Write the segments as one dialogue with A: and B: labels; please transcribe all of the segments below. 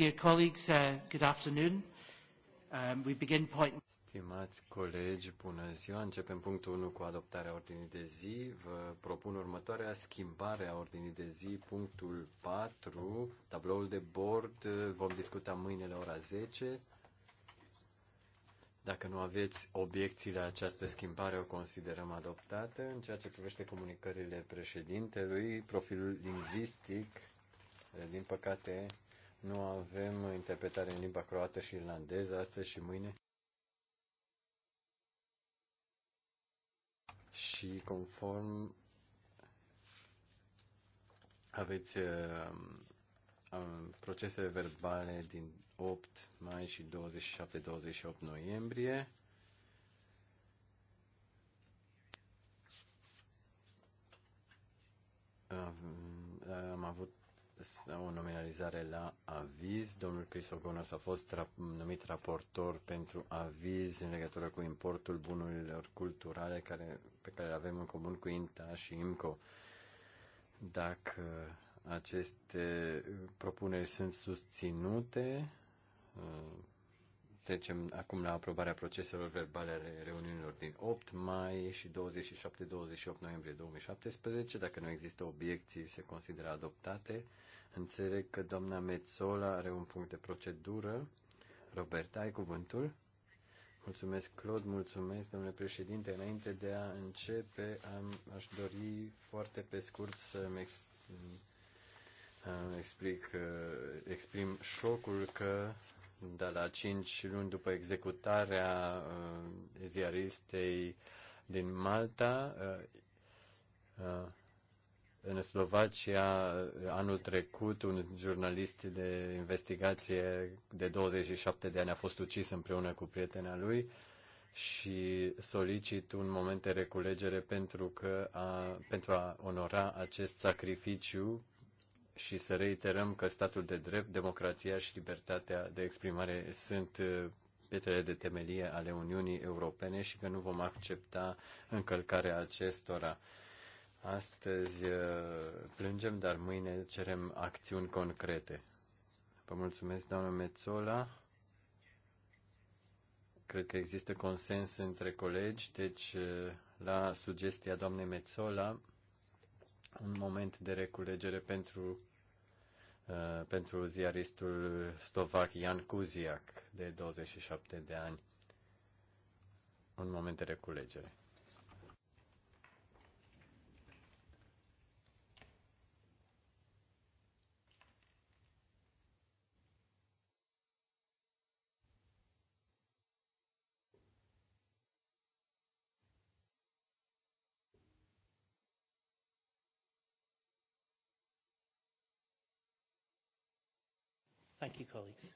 A: Dear colleagues, uh, good
B: afternoon. Um, we begin point... Stimați colegi, bună ziua. Începem punctul 1 cu adoptarea ordinii de zi. Vă propun următoarea schimbare a ordinii de zi. Punctul 4, tabloul de bord, vom discuta mâine la ora 10. Dacă nu aveți obiecții la această schimbare, o considerăm adoptată. În ceea ce privește comunicările președintelui, profilul lingvistic, din păcate, nu avem interpretare în limba croată și irlandeză astăzi și mâine. Și conform aveți uh, um, procesele verbale din 8 mai și 27-28 noiembrie. Am avut sau o nominalizare la aviz. Domnul Crisogonos a fost ra- numit raportor pentru aviz în legătură cu importul bunurilor culturale care, pe care le avem în comun cu INTA și IMCO. Dacă aceste propuneri sunt susținute, Trecem acum la aprobarea proceselor verbale ale reuniunilor din 8 mai și 27-28 noiembrie 2017. Dacă nu există obiecții, se consideră adoptate. Înțeleg că doamna Metzola are un punct de procedură. Roberta, ai cuvântul? Mulțumesc, Claude, mulțumesc, domnule președinte. Înainte de a începe, am, aș dori foarte pe scurt să-mi exp- explic, uh, exprim șocul că de da, la cinci luni după executarea uh, ziaristei din Malta, uh, uh, în Slovacia, anul trecut, un jurnalist de investigație de 27 de ani a fost ucis împreună cu prietena lui și solicit un moment de reculegere pentru, că a, pentru a onora acest sacrificiu și să reiterăm că statul de drept, democrația și libertatea de exprimare sunt uh, pietrele de temelie ale Uniunii Europene și că nu vom accepta încălcarea acestora. Astăzi uh, plângem, dar mâine cerem acțiuni concrete. Vă mulțumesc, doamnă Mețola. Cred că există consens între colegi, deci uh, la sugestia doamnei Mețola, un moment de reculegere pentru Uh, pentru ziaristul slovac Jan Kuziak, de 27 de ani, un moment de reculegere.
C: you, colleagues.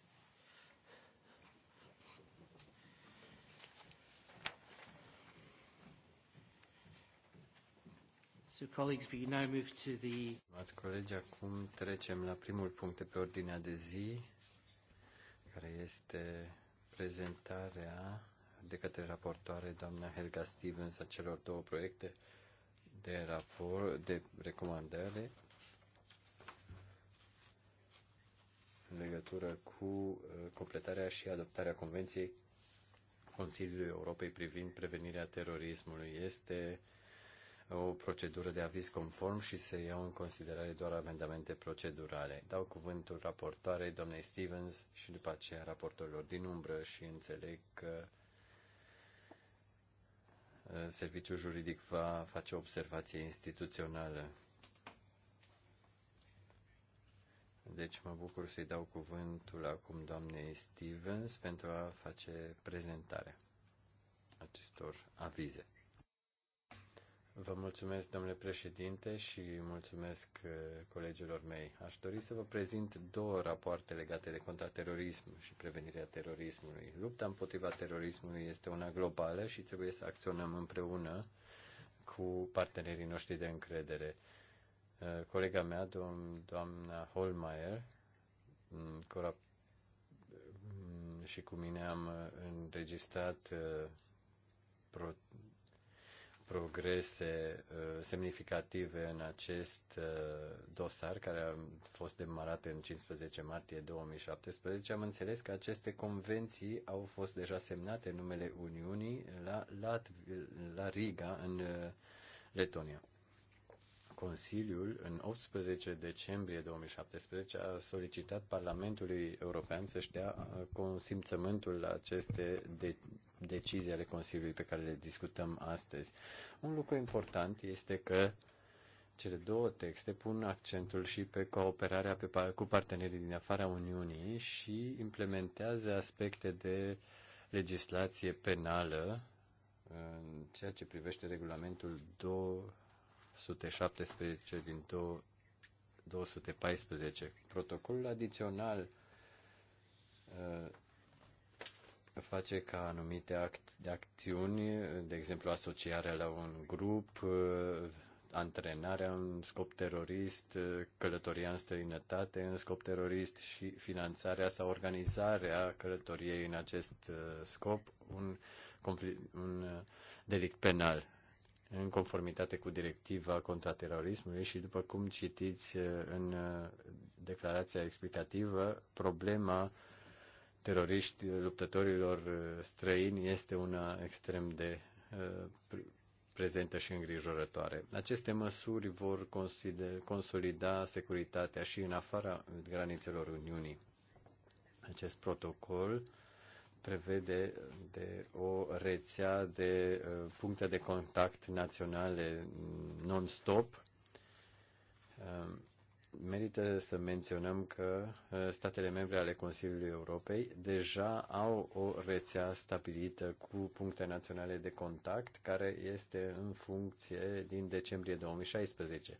A: So, colleagues, we now move to the... Ați
B: colegi, acum trecem la primul punct de pe ordinea de zi, care este prezentarea de către raportoare doamna Helga Stevens a celor două proiecte de raport, de recomandare în legătură cu uh, completarea și adoptarea Convenției Consiliului Europei privind prevenirea terorismului. Este o procedură de aviz conform și se iau în considerare doar amendamente procedurale. Dau cuvântul raportoarei doamnei Stevens și după aceea raportorilor din umbră și înțeleg că uh, serviciul juridic va face o observație instituțională. Deci mă bucur să-i dau cuvântul acum doamnei Stevens pentru a face prezentarea acestor avize. Vă mulțumesc, domnule președinte, și mulțumesc uh, colegilor mei. Aș dori să vă prezint două rapoarte legate de contraterorism și prevenirea terorismului. Lupta împotriva terorismului este una globală și trebuie să acționăm împreună cu partenerii noștri de încredere. Eh, colega mea, dom- doamna Holmeier, mm, mm, și cu mine am eh, înregistrat eh, pro- progrese semnificative în acest dosar care a fost demarat în 15 martie 2017. Am înțeles că aceste convenții au fost deja semnate în numele Uniunii la, la la Riga, în Letonia. Consiliul, în 18 decembrie 2017, a solicitat Parlamentului European să-și dea uh, consimțământul la aceste de- decizii ale Consiliului pe care le discutăm astăzi. Un lucru important este că cele două texte pun accentul și pe cooperarea pe, cu partenerii din afara Uniunii și implementează aspecte de legislație penală uh, în ceea ce privește regulamentul 2 117 din 214. Protocolul adițional uh, face ca anumite act, de acțiuni, de exemplu asociarea la un grup, uh, antrenarea în scop terorist, uh, călătoria în străinătate în scop terorist și finanțarea sau organizarea călătoriei în acest scop, un, un delict penal în conformitate cu directiva contraterorismului și după cum citiți în uh, declarația explicativă, problema teroriști luptătorilor uh, străini este una extrem de uh, prezentă și îngrijorătoare. Aceste măsuri vor consolida securitatea și în afara granițelor Uniunii. Acest protocol prevede de o rețea de uh, puncte de contact naționale non-stop. Um, merită să menționăm că uh, statele membre ale Consiliului Europei deja au o rețea stabilită cu puncte naționale de contact care este în funcție din decembrie 2016.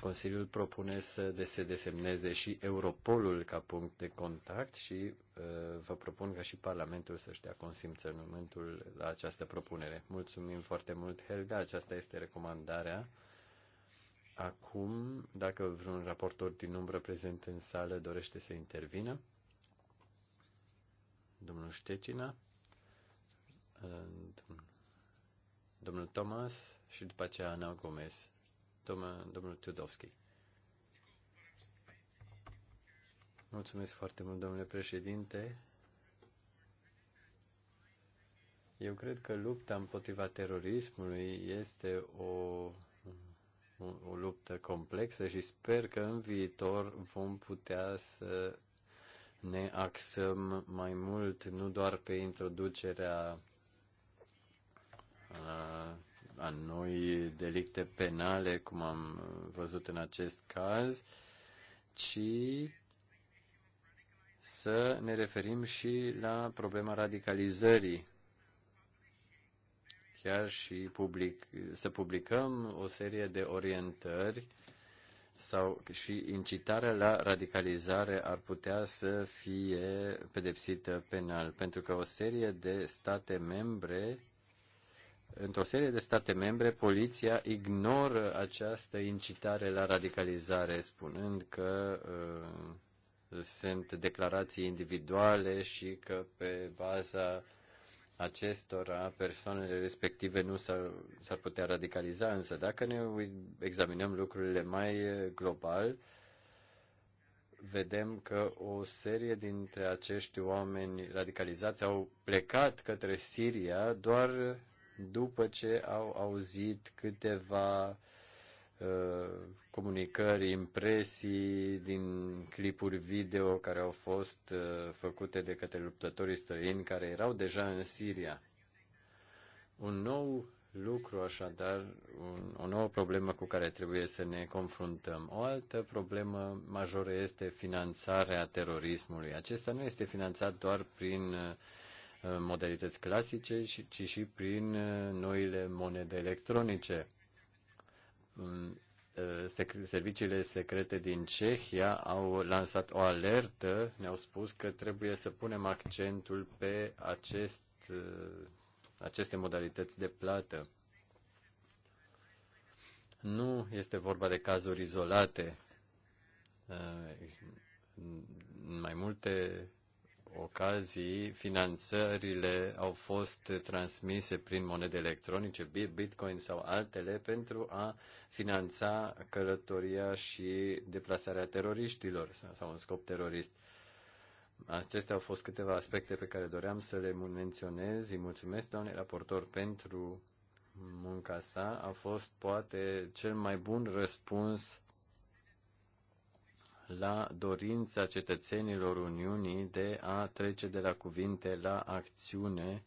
B: Consiliul propune să se desemneze și Europolul ca punct de contact și uh, vă propun ca și Parlamentul să-și dea consimțământul la această propunere. Mulțumim foarte mult, Helga, aceasta este recomandarea. Acum, dacă vreun raportor din umbră prezent în sală dorește să intervină, domnul Ștecina, uh, domnul Thomas și după aceea Ana Gomez domnul, domnul Tudovski. Mulțumesc foarte mult, domnule președinte. Eu cred că lupta împotriva terorismului este o, o, o luptă complexă și sper că în viitor vom putea să ne axăm mai mult nu doar pe introducerea uh, a noi delicte penale, cum am văzut în acest caz, ci să ne referim și la problema radicalizării. Chiar și public, să publicăm o serie de orientări sau și incitarea la radicalizare ar putea să fie pedepsită penal, pentru că o serie de state membre într-o serie de state membre, poliția ignoră această incitare la radicalizare, spunând că uh, sunt declarații individuale și că pe baza acestora persoanele respective nu s-ar, putea radicaliza, însă dacă ne examinăm lucrurile mai uh, global, vedem că o serie dintre acești oameni radicalizați au plecat către Siria doar după ce au auzit câteva uh, comunicări, impresii din clipuri video care au fost uh, făcute de către luptătorii străini care erau deja în Siria. Un nou lucru, așadar, un, o nouă problemă cu care trebuie să ne confruntăm. O altă problemă majoră este finanțarea terorismului. Acesta nu este finanțat doar prin uh, Uh, modalități clasice, ci și prin uh, noile monede electronice. Mm, uh, serviciile secrete din Cehia au lansat o alertă, ne-au spus că trebuie să punem accentul pe acest, aceste modalități de plată. Nu este vorba de cazuri izolate. În mai multe ocazii, finanțările au fost transmise prin monede electronice, bitcoin sau altele, pentru a finanța călătoria și deplasarea teroriștilor sau un scop terorist. Acestea au fost câteva aspecte pe care doream să le menționez. Îi mulțumesc, doamne raportor, pentru munca sa. A fost poate cel mai bun răspuns la dorința cetățenilor Uniunii de a trece de la cuvinte la acțiune.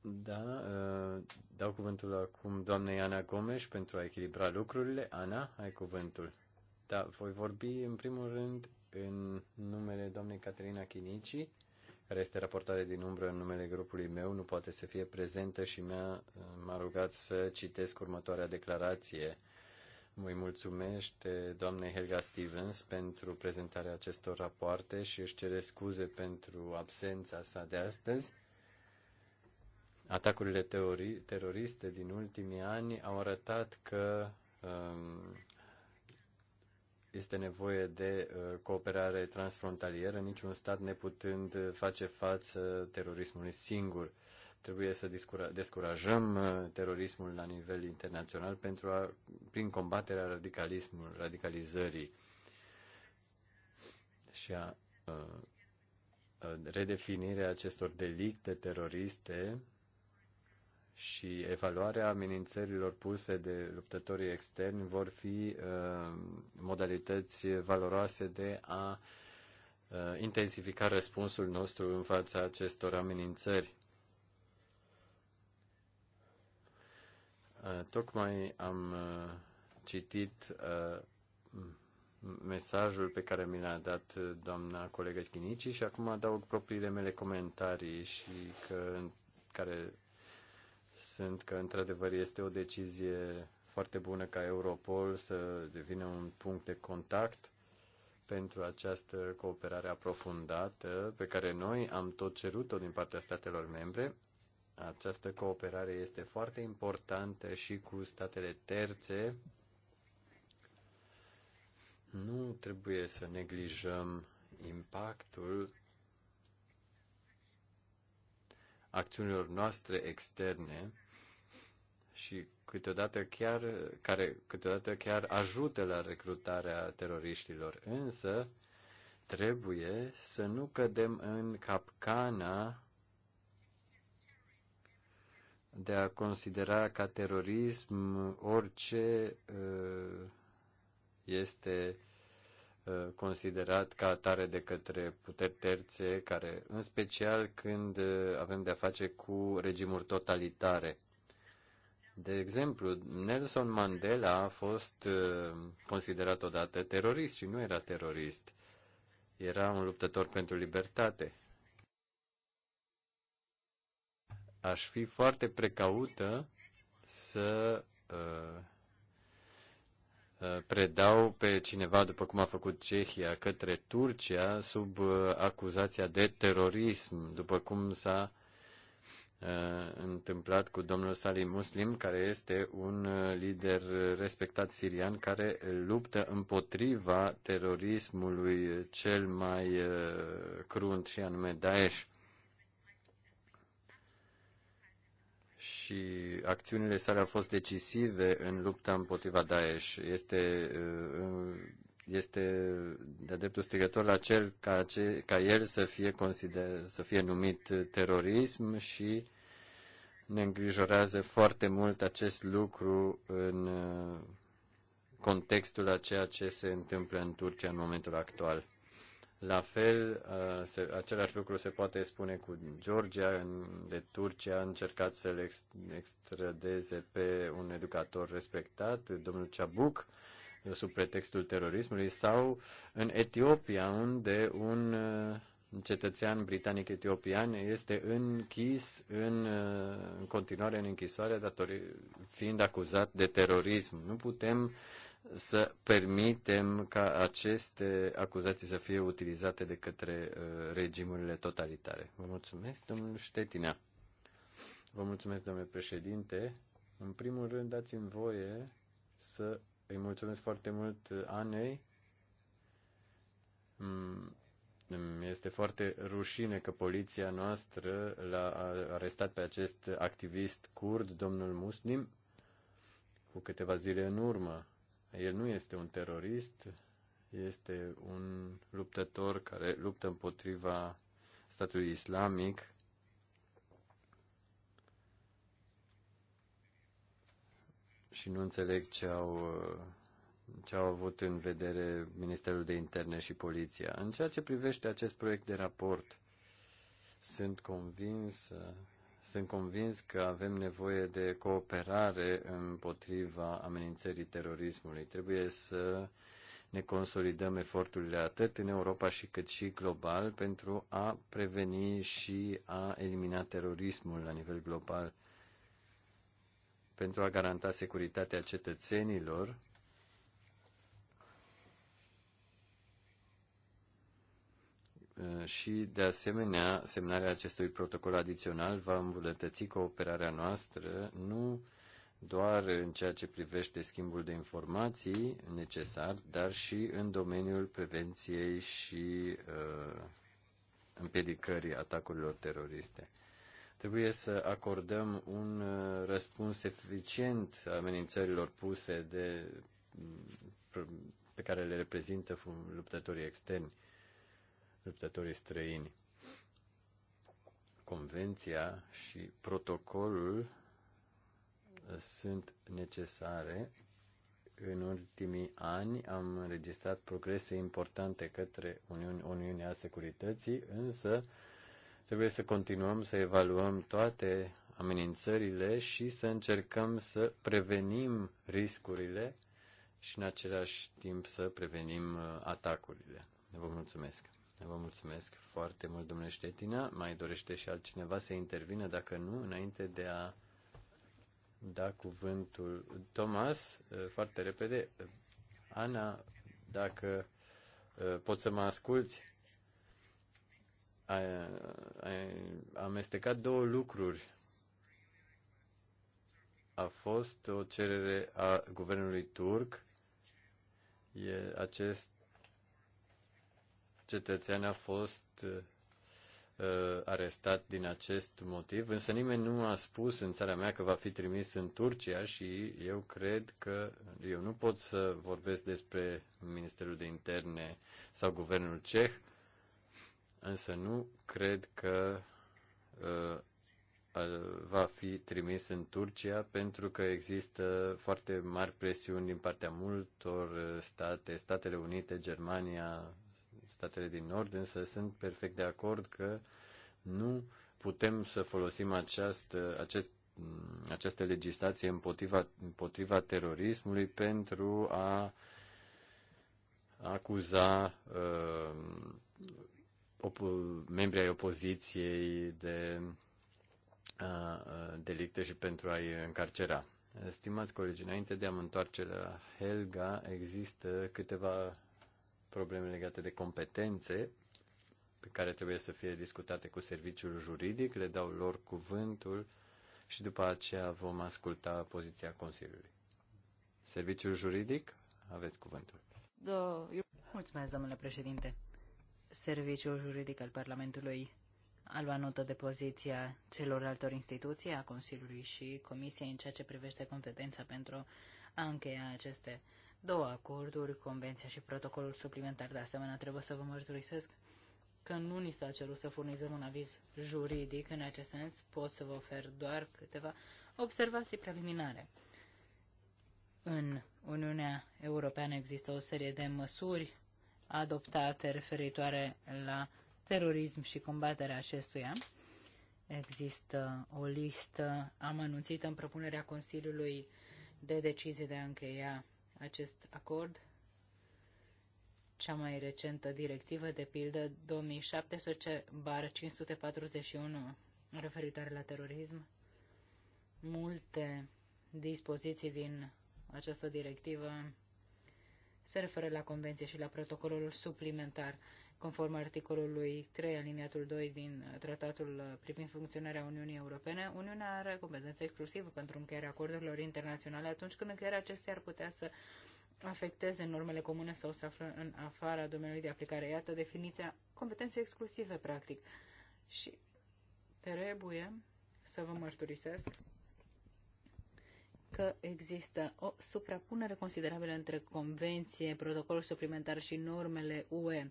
B: Da, uh, dau cuvântul acum doamnei Ana Gomes pentru a echilibra lucrurile. Ana, ai cuvântul. Da, voi vorbi în primul rând în numele doamnei Caterina Chinici, care este raportare din umbră în numele grupului meu, nu poate să fie prezentă și uh, m-a rugat să citesc următoarea declarație îi mulțumește doamnei Helga Stevens pentru prezentarea acestor rapoarte și își cere scuze pentru absența sa de astăzi. Atacurile teroriste din ultimii ani au arătat că um, este nevoie de uh, cooperare transfrontalieră, niciun stat neputând face față terorismului singur. Trebuie să descurajăm uh, terorismul la nivel internațional pentru a, prin combaterea radicalismului, radicalizării și a, a, uh, a redefinirea acestor delicte teroriste și evaluarea amenințărilor puse de luptătorii externi vor fi a, uh, modalități valoroase de a intensifica răspunsul nostru în fața acestor amenințări. Uh, tocmai am uh, citit uh, mesajul pe care mi l-a dat doamna colegă Chinici și acum adaug propriile mele comentarii și că, care sunt că într-adevăr este o decizie foarte bună ca Europol să devină un punct de contact pentru această cooperare aprofundată pe care noi am tot cerut-o din partea statelor membre această cooperare este foarte importantă și cu statele terțe. Nu trebuie să neglijăm impactul acțiunilor noastre externe și câteodată chiar, care câteodată chiar ajută la recrutarea teroriștilor. Însă, trebuie să nu cădem în capcana de a considera ca terorism orice uh, este uh, considerat ca atare de către puteri terțe, care, în special când uh, avem de-a face cu regimuri totalitare. De exemplu, Nelson Mandela a fost considerat odată terorist și nu era terorist. Era un luptător pentru libertate. aș fi foarte precaută să uh, uh, predau pe cineva, după cum a făcut Cehia, către Turcia sub uh, acuzația de terorism, după cum s-a uh, întâmplat cu domnul Salim Muslim, care este un uh, lider respectat sirian care luptă împotriva terorismului cel mai uh, crunt și anume Daesh. și acțiunile sale au fost decisive în lupta împotriva Daesh. Este, uh, este de dreptul strigător la cel ca, ce, ca el să fie, consider, să fie numit terorism și ne îngrijorează foarte mult acest lucru în uh, contextul a ceea ce se întâmplă în Turcia în momentul actual. La fel, același lucru se poate spune cu Georgia, de Turcia a încercat să-l extradeze pe un educator respectat, domnul Chabuk, sub pretextul terorismului, sau în Etiopia, unde un cetățean britanic-etiopian este închis în, în continuare în închisoare, datori, fiind acuzat de terorism. Nu putem să permitem ca aceste acuzații să fie utilizate de către uh, regimurile totalitare. Vă mulțumesc, domnul Ștetinea. Vă mulțumesc, domnule președinte. În primul rând, dați-mi voie să îi mulțumesc foarte mult uh, Anei. Mm, mm, este foarte rușine că poliția noastră l-a arestat pe acest activist curd, domnul Muslim, cu câteva zile în urmă el nu este un terorist, este un luptător care luptă împotriva statului islamic. Și nu înțeleg ce au, ce au avut în vedere Ministerul de Interne și Poliția. În ceea ce privește acest proiect de raport, sunt convins sunt convins că avem nevoie de cooperare împotriva amenințării terorismului. Trebuie să ne consolidăm eforturile atât în Europa și cât și global pentru a preveni și a elimina terorismul la nivel global, pentru a garanta securitatea cetățenilor Uh, și, de asemenea, semnarea acestui protocol adițional va îmbunătăți cooperarea noastră, nu doar în ceea ce privește schimbul de informații necesar, dar și în domeniul prevenției și uh, împiedicării atacurilor teroriste. Trebuie să acordăm un uh, răspuns eficient amenințărilor puse de, mm, pe care le reprezintă luptătorii externi luptătorii străini. Convenția și protocolul uh, sunt necesare. În ultimii ani am înregistrat progrese importante către Uniune, Uniunea Securității, însă trebuie să continuăm să evaluăm toate amenințările și să încercăm să prevenim riscurile și în același timp să prevenim uh, atacurile. Vă mulțumesc! Vă mulțumesc foarte mult, domnule Ștetina. Mai dorește și altcineva să intervină? Dacă nu, înainte de a da cuvântul Thomas, foarte repede, Ana, dacă eh, poți să mă asculți, ai, ai amestecat două lucruri. A fost o cerere a guvernului turc. E acest cetățean a fost uh, uh, arestat din acest motiv, însă nimeni nu a spus în țara mea că va fi trimis în Turcia și eu cred că eu nu pot să vorbesc despre Ministerul de Interne sau Guvernul Ceh, însă nu cred că uh, va fi trimis în Turcia pentru că există foarte mari presiuni din partea multor uh, state, Statele Unite, Germania, statele din Nord, însă sunt perfect de acord că nu putem să folosim această, acest, această legislație împotriva, împotriva terorismului pentru a acuza uh, op- membrii ai opoziției de uh, uh, delicte și pentru a-i încarcera. Stimați colegi, înainte de a mă întoarce la Helga, există câteva probleme legate de competențe pe care trebuie să fie discutate cu serviciul juridic, le dau lor cuvântul și după aceea vom asculta poziția Consiliului. Serviciul juridic, aveți cuvântul.
A: Da, eu... Mulțumesc, domnule președinte. Serviciul juridic al Parlamentului a luat notă de poziția celorlaltor instituții, a Consiliului și Comisiei în ceea ce privește competența pentru a încheia aceste două acorduri, convenția și protocolul suplimentar. De asemenea, trebuie să vă mărturisesc că nu ni s-a cerut să furnizăm un aviz juridic în acest sens, pot să vă ofer doar câteva observații preliminare. În Uniunea Europeană există o serie de măsuri adoptate referitoare la terorism și combaterea acestuia. Există o listă amănunțită în propunerea Consiliului de decizii de a încheia acest acord. Cea mai recentă directivă, de pildă 2017-541, referitoare la terorism, multe dispoziții din această directivă se referă la convenție și la protocolul suplimentar conform articolului 3 aliniatul 2 din tratatul privind funcționarea Uniunii Europene, Uniunea are competență exclusivă pentru încheierea acordurilor internaționale atunci când încheierea acestea ar putea să afecteze normele comune sau să află în afara domeniului de aplicare. Iată definiția competențe exclusive, practic. Și trebuie să vă mărturisesc că există o suprapunere considerabilă între convenție, protocolul suplimentar și normele UE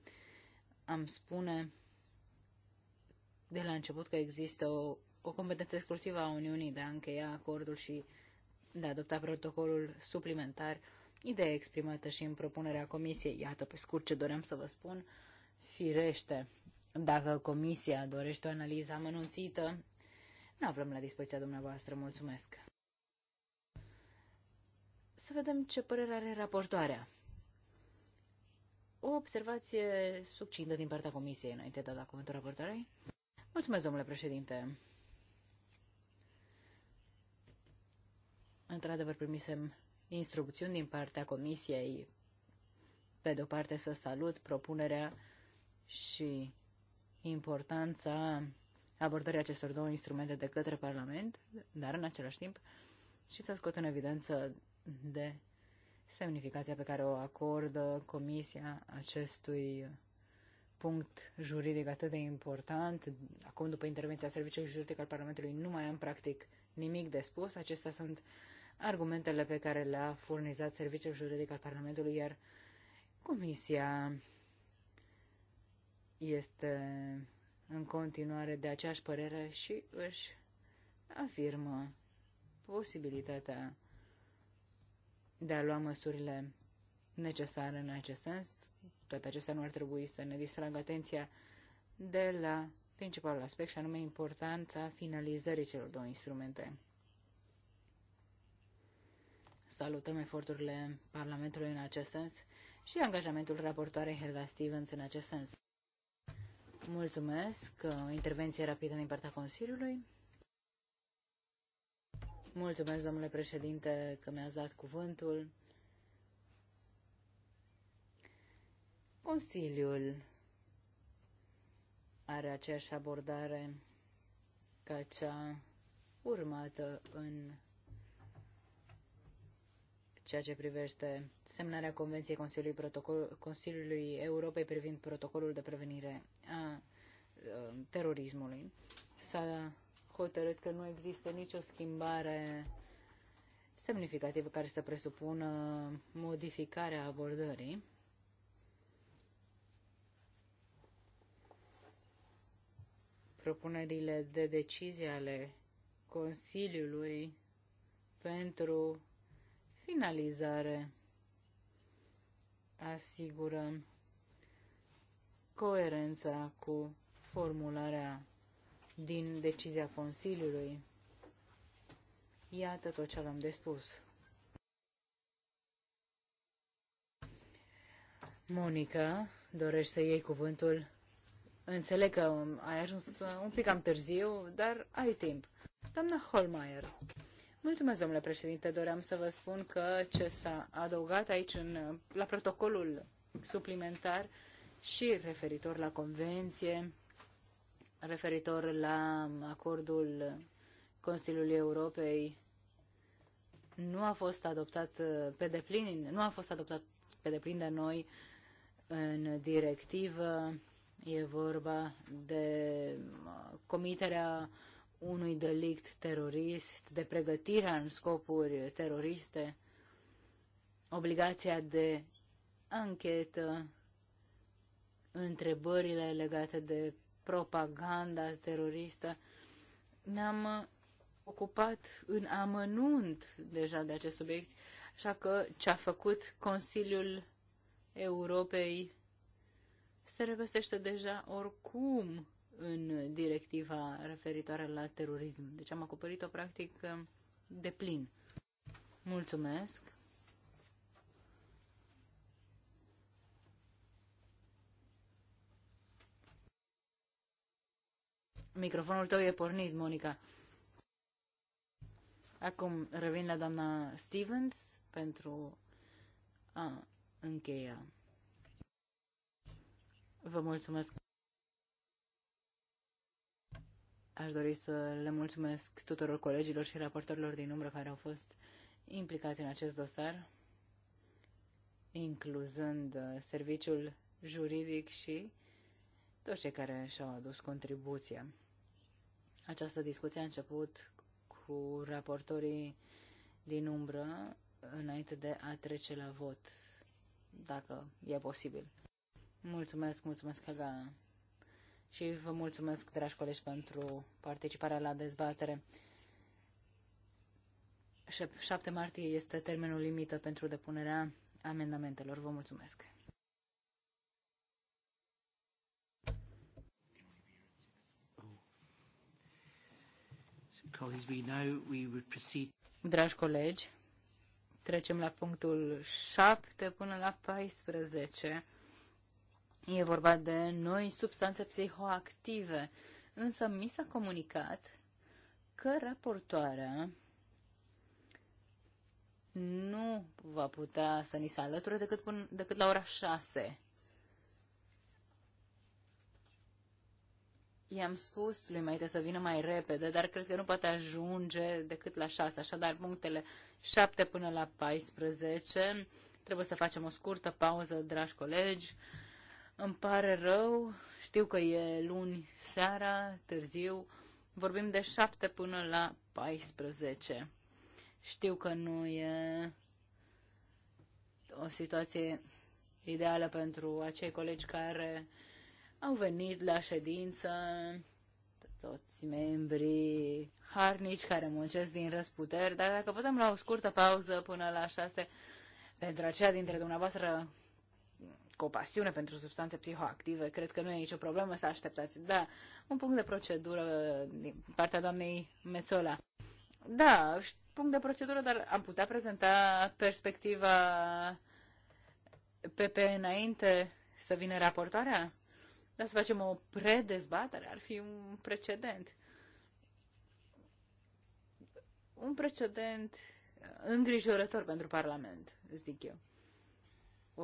A: am spune de la început că există o, o competență exclusivă a Uniunii de a încheia acordul și de a adopta protocolul suplimentar, Ideea exprimată și în propunerea Comisiei. Iată, pe scurt, ce doream să vă spun. Firește, dacă Comisia dorește o analiză amănunțită, nu aflăm la dispoziția dumneavoastră. Mulțumesc! Să vedem ce părere are raportoarea o observație succintă din partea comisiei înainte de a da cuvântul raportoarei. Mulțumesc, domnule președinte. Într-adevăr, primisem instrucțiuni din partea comisiei, pe de-o parte să salut propunerea și importanța abordării acestor două instrumente de către Parlament, dar în același timp și să scot în evidență de semnificația pe care o acordă Comisia acestui punct juridic atât de important. Acum, după intervenția Serviciului Juridic al Parlamentului, nu mai am practic nimic de spus. Acestea sunt argumentele pe care le-a furnizat Serviciul Juridic al Parlamentului, iar Comisia este în continuare de aceeași părere și își afirmă posibilitatea de a lua măsurile necesare în acest sens. Toate acestea nu ar trebui să ne distragă atenția de la principalul aspect și anume importanța finalizării celor două instrumente. Salutăm eforturile Parlamentului în acest sens și angajamentul raportoarei Helga Stevens în acest sens. Mulțumesc. Intervenție rapidă din partea Consiliului. Mulțumesc, domnule președinte, că mi-ați dat cuvântul. Consiliul are aceeași abordare ca cea urmată în ceea ce privește semnarea Convenției Consiliului, Protocol, Consiliului Europei privind protocolul de prevenire a uh, terorismului. S-a hotărât că nu există nicio schimbare semnificativă care să presupună modificarea abordării. Propunerile de decizie ale Consiliului pentru finalizare asigură coerența cu formularea din decizia Consiliului. Iată tot ce avem de spus. Monica, dorești să iei cuvântul? Înțeleg că ai ajuns un pic cam târziu, dar ai timp. Doamna Holmeier. Mulțumesc, domnule președinte. Doream să vă spun că ce s-a adăugat aici în, la protocolul suplimentar și referitor la convenție referitor la acordul Consiliului Europei nu a fost adoptat uh, pe deplin, nu a fost adoptat pe deplin de noi în directivă. E vorba de uh, comiterea unui delict terorist, de pregătirea în scopuri teroriste, obligația de anchetă, întrebările legate de propaganda teroristă. Ne-am ocupat în amănunt deja de acest subiect, așa că ce a făcut Consiliul Europei se regăsește deja oricum în directiva referitoare la terorism. Deci am acoperit-o practic de plin. Mulțumesc! Microfonul tău e pornit, Monica. Acum revin la doamna Stevens pentru a încheia. Vă mulțumesc. Aș dori să le mulțumesc tuturor colegilor și raportorilor din umbră care au fost implicați în acest dosar, incluzând uh, serviciul juridic și toți cei care și-au adus contribuția. Această discuție a început cu raportorii din umbră înainte de a trece la vot, dacă e posibil. Mulțumesc, mulțumesc, Helga. Și vă mulțumesc, dragi colegi, pentru participarea la dezbatere. 7 martie este termenul limită pentru depunerea amendamentelor. Vă mulțumesc. Dragi colegi, trecem la punctul 7 până la 14. E vorba de noi substanțe psihoactive, însă mi s-a comunicat că raportoarea nu va putea să ni se alăture decât, până, decât la ora 6. I-am spus lui Maite să vină mai repede, dar cred că nu poate ajunge decât la 6, așadar punctele 7 până la 14. Trebuie să facem o scurtă pauză, dragi colegi. Îmi pare rău, știu că e luni seara, târziu, vorbim de 7 până la 14. Știu că nu e o situație ideală pentru acei colegi care uh, au venit la ședință toți membrii harnici care muncesc din răsputeri, dar dacă putem la o scurtă pauză până la șase, pentru aceia dintre dumneavoastră cu o pasiune pentru substanțe psihoactive, cred că nu e nicio problemă să așteptați. Da, un punct de procedură din partea doamnei Mețola. Da, punct de procedură, dar am putea prezenta perspectiva PP înainte să vină raportarea? Dar să facem o predezbatere ar fi un precedent. Un precedent îngrijorător pentru Parlament, zic eu.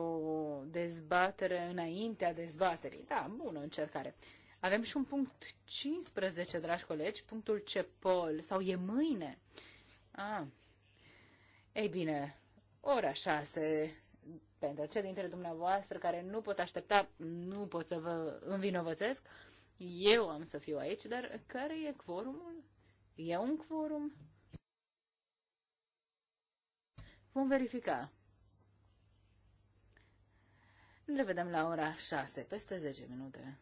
A: O dezbatere înaintea dezbaterii. Da, bună încercare. Avem și un punct 15, dragi colegi, punctul CEPOL, sau e mâine. Ah. Ei bine, ora 6 pentru cei dintre dumneavoastră care nu pot aștepta, nu pot să vă învinovățesc, eu am să fiu aici, dar care e quorumul? E un quorum? Vom verifica. Ne vedem la ora 6, peste 10 minute.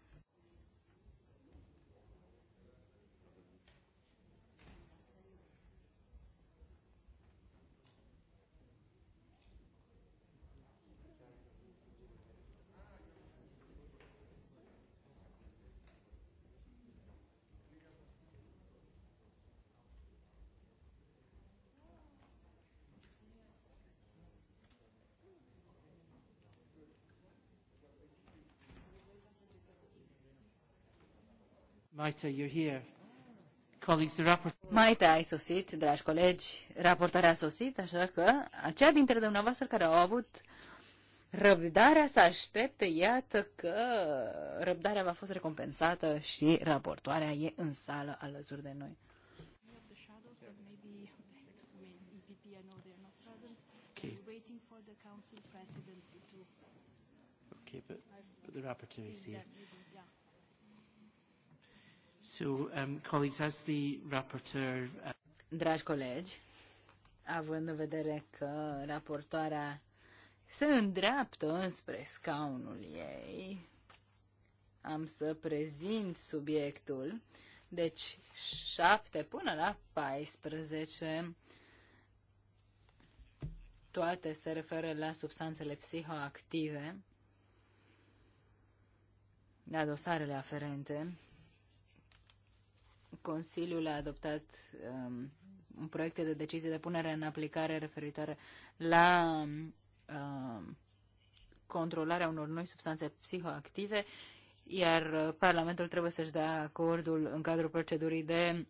C: Maite, you're here. Colleagues, the rapport...
A: Maite, ai sosit, dragi colegi, raportarea a sosit, așa că aceia dintre dumneavoastră care au avut răbdarea să aștepte, iată că răbdarea va fost recompensată și raportoarea e în sală alături de noi. Okay, but, but the rapporteur is here. So, um, colleagues, as the rapporteur... Uh, Dragi colegi, având în vedere că raportoarea se îndreaptă înspre scaunul ei, am să prezint subiectul. Deci 7 până la 14 toate se referă la substanțele psihoactive, la dosarele aferente. Consiliul a adoptat um, un proiect de decizie de punere în aplicare referitoare la um, controlarea unor noi substanțe psihoactive, iar Parlamentul trebuie să-și dea acordul în cadrul procedurii de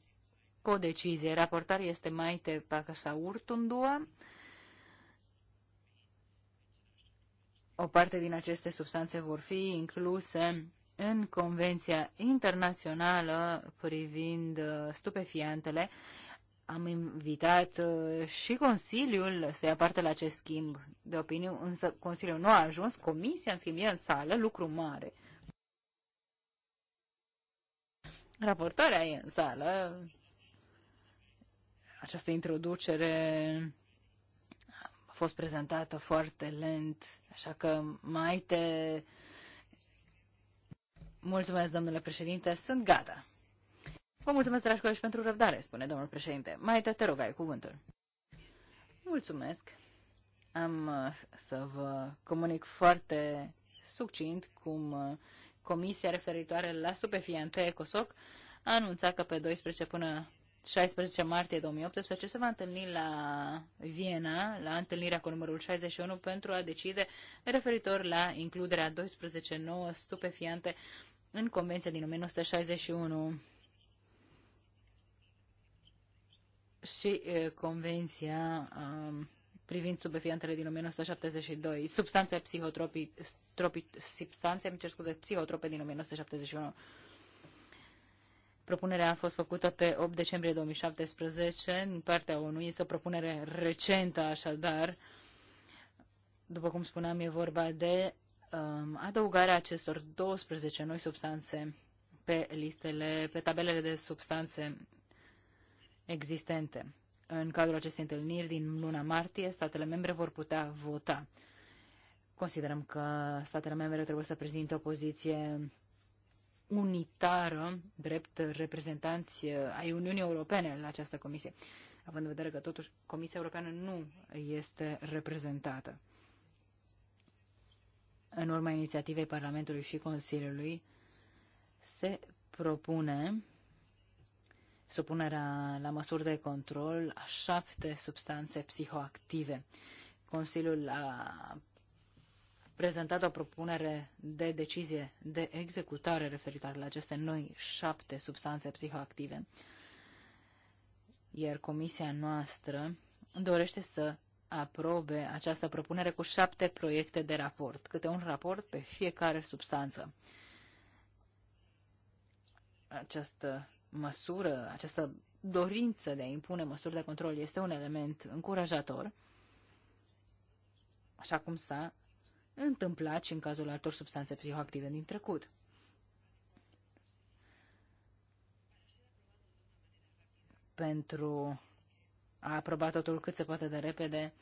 A: codecizie. Raportar este Maite Pacasa Urtundua. O parte din aceste substanțe vor fi incluse în Convenția Internațională privind uh, stupefiantele. Am invitat uh, și Consiliul să ia parte la acest schimb de opinie însă Consiliul nu a ajuns, Comisia, în schimb, e în sală, lucru mare. Raportarea e în sală. Această introducere a fost prezentată foarte lent, așa că mai te Mulțumesc, domnule președinte, sunt gata. Vă mulțumesc, dragi colegi, pentru răbdare, spune domnul președinte. Mai te, te rog, ai cuvântul. Mulțumesc. Am uh, să vă comunic foarte succint cum uh, Comisia referitoare la stupefiante ECOSOC a anunțat că pe 12 până 16 martie 2018 se va întâlni la Viena, la întâlnirea cu numărul 61, pentru a decide referitor la includerea 12 nouă stupefiante în Convenția din 1961 și Convenția um, privind subefiantele din 1972, substanțe psihotropi, tropi, substanțe, îmi cer scuze, psihotrope din 1971. Propunerea a fost făcută pe 8 decembrie 2017 în partea 1, Este o propunere recentă, așadar. După cum spuneam, e vorba de Um, adăugarea acestor 12 noi substanțe pe listele, pe tabelele de substanțe existente. În cadrul acestei întâlniri din luna martie, statele membre vor putea vota. Considerăm că statele membre trebuie să prezinte o poziție unitară drept reprezentanți ai Uniunii Europene la această comisie, având în vedere că totuși Comisia Europeană nu este reprezentată în urma inițiativei Parlamentului și Consiliului, se propune supunerea la măsuri de control a șapte substanțe psihoactive. Consiliul a prezentat o propunere de decizie de executare referitoare la aceste noi șapte substanțe psihoactive, iar comisia noastră dorește să aprobe această propunere cu șapte proiecte de raport, câte un raport pe fiecare substanță. Această măsură, această dorință de a impune măsuri de control este un element încurajator, așa cum s-a întâmplat și în cazul altor substanțe psihoactive din trecut. Pentru a aprobat totul cât se poate de repede,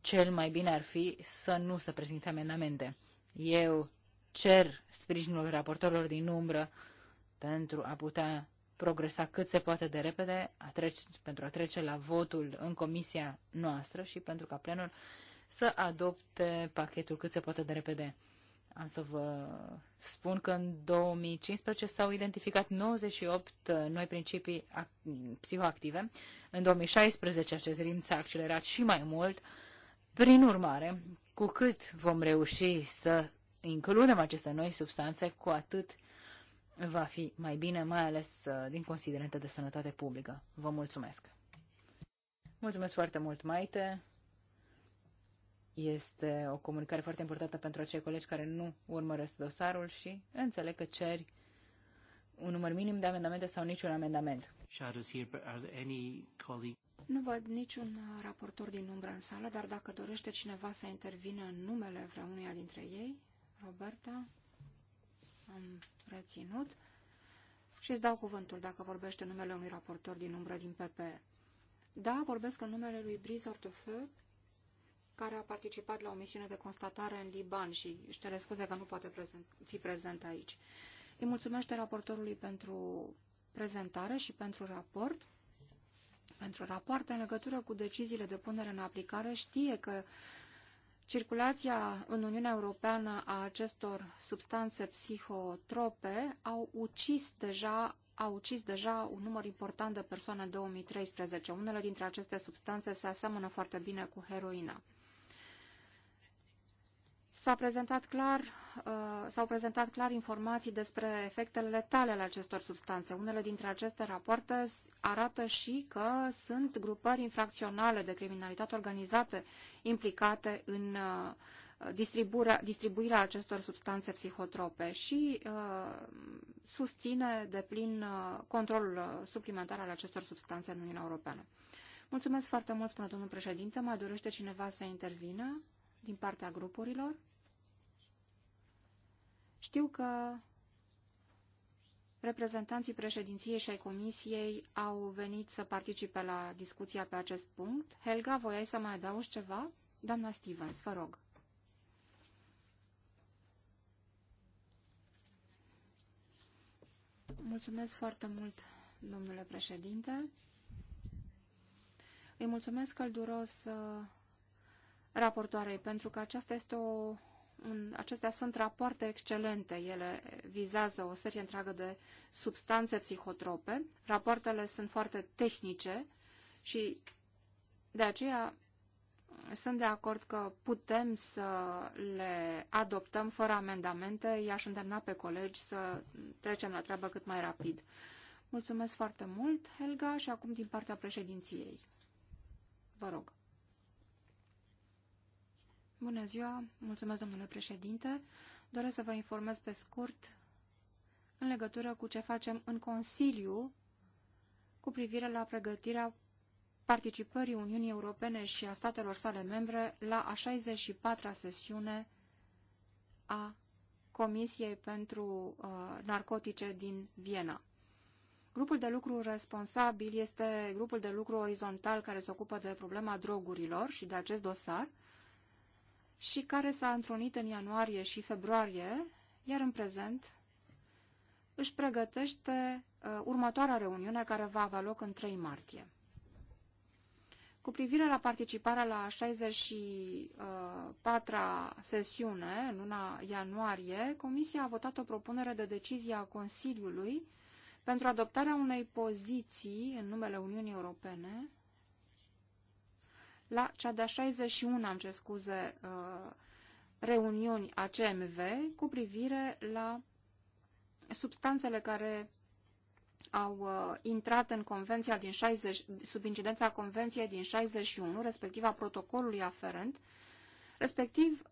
A: cel mai bine ar fi să nu se prezinte amendamente. Eu cer sprijinul raportorilor din umbră pentru a putea progresa cât se poate de repede a trece, pentru a trece la votul în comisia noastră și pentru ca plenul să adopte pachetul cât se poate de repede. Am să vă spun că în 2015 s-au identificat 98 uh, noi principii psihoactive. În 2016 acest ritm s-a accelerat și mai mult. Prin urmare, cu cât vom reuși să includem aceste noi substanțe, cu atât va fi mai bine, mai ales uh, din considerente de sănătate publică. Vă mulțumesc! Mulțumesc foarte mult, Maite! Este o comunicare foarte importantă pentru acei colegi care nu urmăresc dosarul și înțeleg că ceri un număr minim de amendamente sau niciun amendament.
C: Nu văd niciun raportor din umbră în sală, dar dacă dorește cineva să intervină în numele vreunuia dintre ei, Roberta, am reținut, și îți dau cuvântul dacă vorbește numele unui raportor din umbră din PP. Da, vorbesc în numele lui Brice Ortefeu, care a participat la o misiune de constatare în Liban și își cere scuze că nu poate prezent, fi prezent aici. Îi mulțumește raportorului pentru prezentare și pentru raport. Pentru rapoarte în legătură cu deciziile de punere în aplicare știe că Circulația în Uniunea Europeană a acestor substanțe psihotrope au ucis deja, a ucis deja un număr important de persoane în 2013. Unele dintre aceste substanțe se aseamănă foarte bine cu heroina. S-a prezentat clar, uh, s-au prezentat clar informații despre efectele letale ale acestor substanțe. Unele dintre aceste rapoarte arată și că sunt grupări infracționale de criminalitate organizată implicate în uh, distribuirea, acestor substanțe psihotrope și uh, susține de plin uh, controlul uh, suplimentar al acestor substanțe în Uniunea Europeană. Mulțumesc foarte mult, spune domnul președinte. Mai dorește cineva să intervină din partea grupurilor? Știu că reprezentanții președinției și ai comisiei au venit să participe la discuția pe acest punct. Helga, voiai să mai adaugi ceva? Doamna Stevens, vă rog. Mulțumesc foarte mult, domnule președinte. Îi mulțumesc călduros uh, raportoarei, pentru că aceasta este o acestea sunt rapoarte excelente. Ele vizează o serie întreagă de substanțe psihotrope. Rapoartele sunt foarte tehnice și de aceea sunt de acord că putem să le adoptăm fără amendamente. I-aș îndemna pe colegi să trecem la treabă cât mai rapid. Mulțumesc foarte mult, Helga, și acum din partea președinției. Vă rog. Bună ziua, mulțumesc domnule președinte. Doresc să vă informez pe scurt în legătură cu ce facem în Consiliu cu privire la pregătirea participării Uniunii Europene și a statelor sale membre la a 64-a sesiune a Comisiei pentru uh, Narcotice din Viena. Grupul de lucru responsabil este grupul de lucru orizontal care se ocupă de problema drogurilor și de acest dosar și care s-a întrunit în ianuarie și februarie, iar în prezent își pregătește uh, următoarea reuniune care va avea loc în 3 martie. Cu privire la participarea la 64-a uh, sesiune, în luna ianuarie, Comisia a votat o propunere de decizie a Consiliului pentru adoptarea unei poziții în numele Uniunii Europene la cea de-a 61, am ce scuze, uh, reuniuni a CMV cu privire la substanțele care au uh, intrat în convenția din 60, sub incidența convenției din 61, respectiv a protocolului aferent, respectiv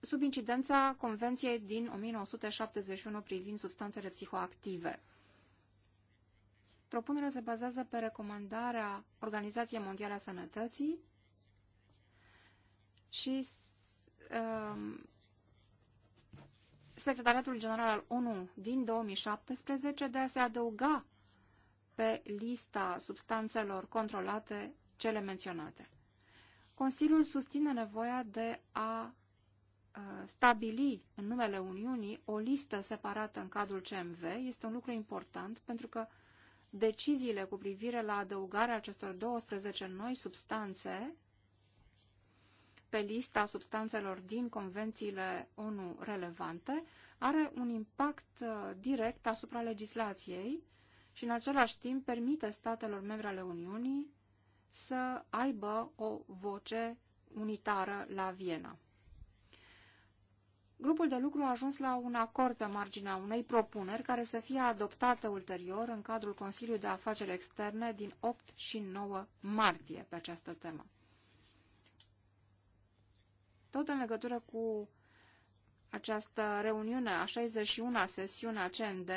C: sub incidența convenției din 1971 privind substanțele psihoactive. Propunerea se bazează pe recomandarea Organizației Mondiale a Sănătății și um, Secretariatul General al ONU din 2017 de a se adăuga pe lista substanțelor controlate cele menționate. Consiliul susține nevoia de a uh, stabili în numele Uniunii o listă separată în cadrul CMV este un lucru important pentru că deciziile cu privire la adăugarea acestor 12 noi substanțe pe lista substanțelor din convențiile ONU relevante are un impact uh, direct asupra legislației și în același timp permite statelor membre ale Uniunii să aibă o voce unitară la Viena. Grupul de lucru a ajuns la un acord pe marginea unei propuneri care să fie adoptată ulterior în cadrul Consiliului de Afaceri Externe din 8 și 9 martie pe această temă. Tot în legătură cu această reuniune a 61-a sesiune a CND,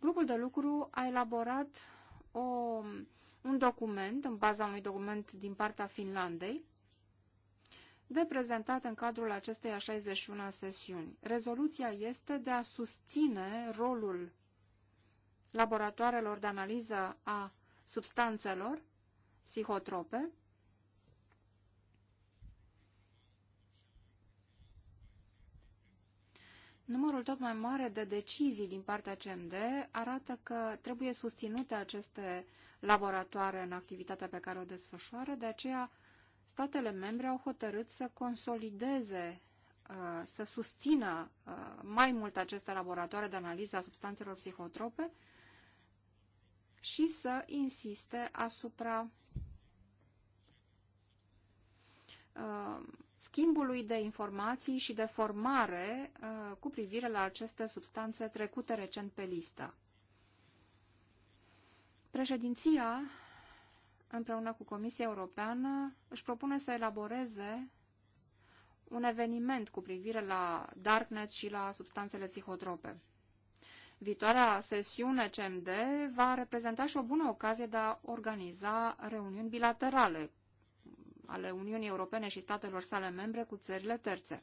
C: grupul de lucru a elaborat o, un document, în baza unui document din partea Finlandei, de prezentat în cadrul acestei a 61-a sesiuni. Rezoluția este de a susține rolul laboratoarelor de analiză a substanțelor psihotrope Numărul tot mai mare de decizii din partea CMD arată că trebuie susținute aceste laboratoare în activitatea pe care o desfășoară, de aceea statele membre au hotărât să consolideze, uh, să susțină uh, mai mult aceste laboratoare de analiză a substanțelor psihotrope și să insiste asupra uh, schimbului de informații și de formare uh, cu privire la aceste substanțe trecute recent pe listă. Președinția, împreună cu Comisia Europeană, își propune să elaboreze un eveniment cu privire la Darknet și la substanțele psihotrope. Viitoarea sesiune CMD va reprezenta și o bună ocazie de a organiza reuniuni bilaterale ale Uniunii Europene și statelor sale membre cu țările terțe.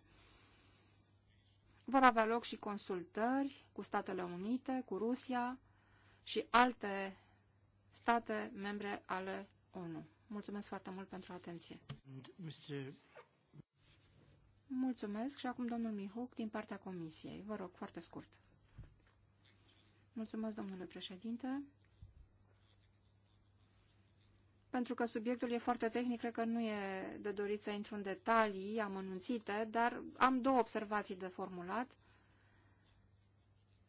C: Vor avea loc și consultări cu Statele Unite, cu Rusia și alte state membre ale ONU. Mulțumesc foarte mult pentru atenție. Mulțumesc și acum domnul Mihuc din partea Comisiei. Vă rog, foarte scurt. Mulțumesc, domnule președinte pentru că subiectul e foarte tehnic, cred că nu e de dorit să intru în detalii amănunțite, dar am două observații de formulat.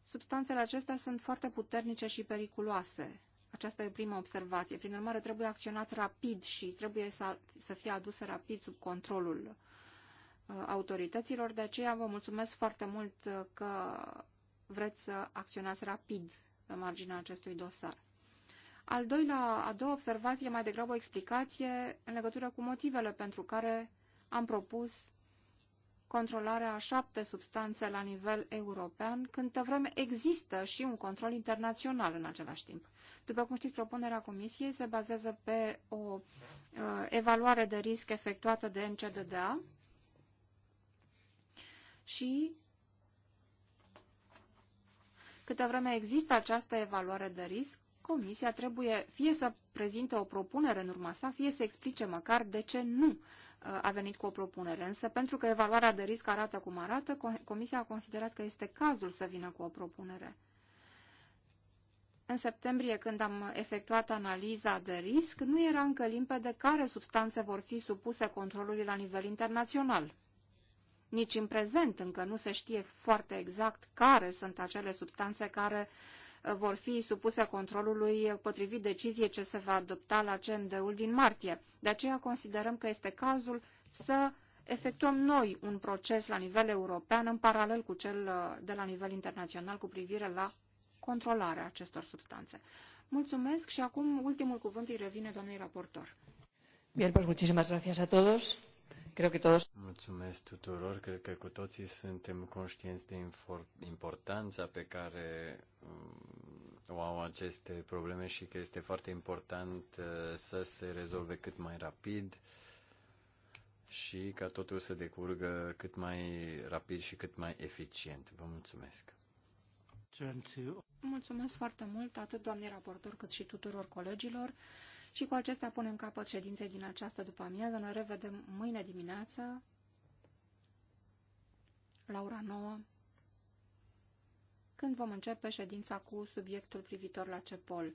C: Substanțele acestea sunt foarte puternice și periculoase. Aceasta e prima observație. Prin urmare, trebuie acționat rapid și trebuie să, să fie adusă rapid sub controlul uh, autorităților. De aceea vă mulțumesc foarte mult uh, că vreți să acționați rapid pe marginea acestui dosar. Al doilea, a doua observație, mai degrabă o explicație în legătură cu motivele pentru care am propus controlarea a șapte substanțe la nivel european, câtă vreme există și un control internațional în același timp. După cum știți, propunerea Comisiei se bazează pe o uh, evaluare de risc efectuată de MCDDA și câtă vreme există această evaluare de risc, Comisia trebuie fie să prezinte o propunere în urma sa, fie să explice măcar de ce nu uh, a venit cu o propunere. Însă, pentru că evaluarea de risc arată cum arată, Comisia a considerat că este cazul să vină cu o propunere. În septembrie, când am efectuat analiza de risc, nu era încă limpede care substanțe vor fi supuse controlului la nivel internațional. Nici în prezent încă nu se știe foarte exact care sunt acele substanțe care uh, vor fi supuse controlului potrivit deciziei ce se va adopta la CMD-ul din martie. De aceea considerăm că este cazul să efectuăm noi un proces la nivel european în paralel cu cel uh, de la nivel internațional cu privire la controlarea acestor substanțe. Mulțumesc și acum ultimul cuvânt îi revine doamnei raportor. Bine, pues muchísimas gracias a todos. Cred că todos...
B: Mulțumesc tuturor. Cred că cu toții suntem conștienți de importanța pe care um, o au aceste probleme și că este foarte important uh, să se rezolve cât mai rapid și ca totul să decurgă cât mai rapid și cât mai eficient. Vă mulțumesc!
C: Mulțumesc foarte mult atât doamnei raportor cât și tuturor colegilor. Și cu acestea punem capăt ședinței din această după amiază. Ne revedem mâine dimineață la ora 9 când vom începe ședința cu subiectul privitor la CEPOL.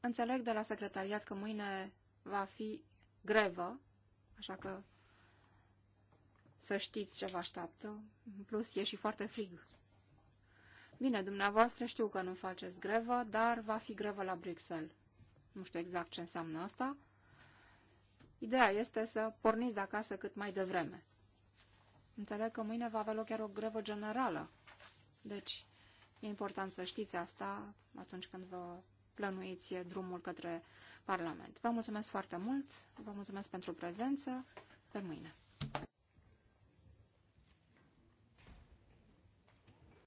C: Înțeleg de la secretariat că mâine va fi grevă, așa că să știți ce vă așteaptă. În plus, e și foarte frig. Bine, dumneavoastră știu că nu faceți grevă, dar va fi grevă la Bruxelles nu știu exact ce înseamnă asta. Ideea este să porniți de acasă cât mai devreme. Înțeleg că mâine va avea loc chiar o grevă generală. Deci, e important să știți asta atunci când vă plănuiți drumul către Parlament. Vă mulțumesc foarte mult, vă mulțumesc pentru prezență, pe mâine!